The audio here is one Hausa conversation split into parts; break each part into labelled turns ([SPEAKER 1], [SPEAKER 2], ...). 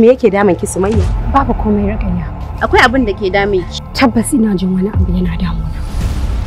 [SPEAKER 1] Me yake damun ki Sumayya? Babu komai ragayya. Akwai abin da ke damun ki. Tabbas ina jin wani abu yana damuna.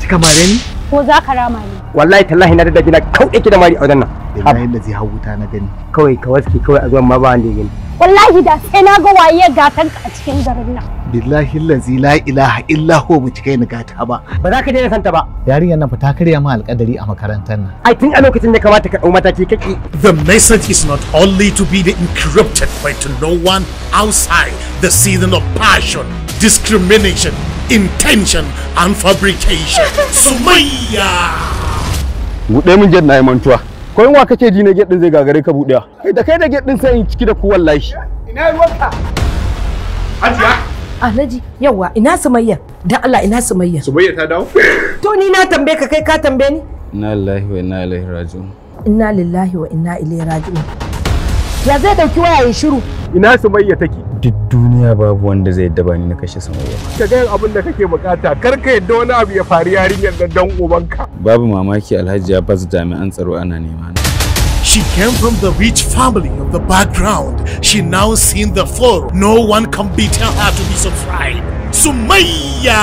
[SPEAKER 1] Kika mare ni? Ko za ka rama ni? Wallahi tallahi na da gina kauɗe ki da mari a wajen nan. billahi da zai hau wuta na gani kawai ka waske kawai a zuwan ma ba wanda ya gani wallahi da sai na ga waye gatan a cikin garin nan billahi lazi la ilaha illa huwa mu cikai gata ba ba za ka daina santa ba yarinyar nan fa ta karya ma alƙadari a makarantar nan ai tun a lokacin da kamata ka dau mataki kake the message is not only to be encrypted but to no one outside the season of passion discrimination intention and fabrication sumayya buɗe min jan na mantuwa ko wa kake ji na gate din zai gagare ka buɗewa kai da kai da gate din sai in ciki da ku wallahi ina ruwanka Hajiya Alhaji yawa ina Sumayya dan Allah ina Sumayya Sumayya ta dawo to ni na tambaye ka kai ka tambaye ni Inna lillahi wa inna ilaihi raji'un Inna lillahi wa inna ilaihi raji'un Ya zai dauki waya ya shiru ina sumayya take duk duniya babu wanda zai yadda ni na kashe sumayya ka ga abin da kake bukata kar ka yadda wani abu ya faru yarinyar da dan ubanka babu mamaki alhaji ya basu jami'an tsaro ana nema She came from the rich family of the background. She now seen the fall. No one can beat her her to be surprised. Sumayya!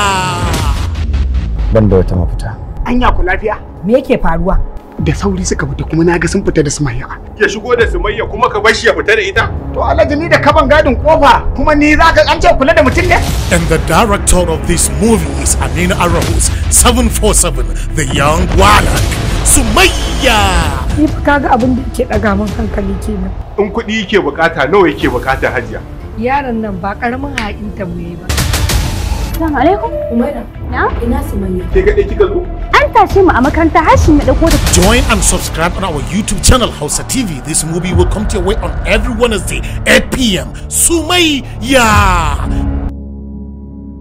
[SPEAKER 1] Ban da wata mafita. Anya ku lafiya? Me yake faruwa? Da sauri suka fita kuma na ga sun fita da Sumayya. ya shigo da sumayya kuma ka bar shi ya fita da ita? To alhaji ni da kaban gadin kofa kuma ni za ka an ce kula da mutum ne? And the director of this movie is Amina Arahus 747 The Young Wallach Sumayya. Ni ka ga abin da ke daga min hankali kenan. In kuɗi yake bukata nawa yake bukata hajiya? Yaron nan ba karamin ha'inta mu yi ba. Assalamu alaikum. Umaira. Na? Ina Sumayya. Ke ga kika zo? lashe mu a makaranta har shi ya dauko da Join and subscribe on our YouTube channel Hausa TV. This movie will come to your way on every Wednesday 8 p.m. Sumai ya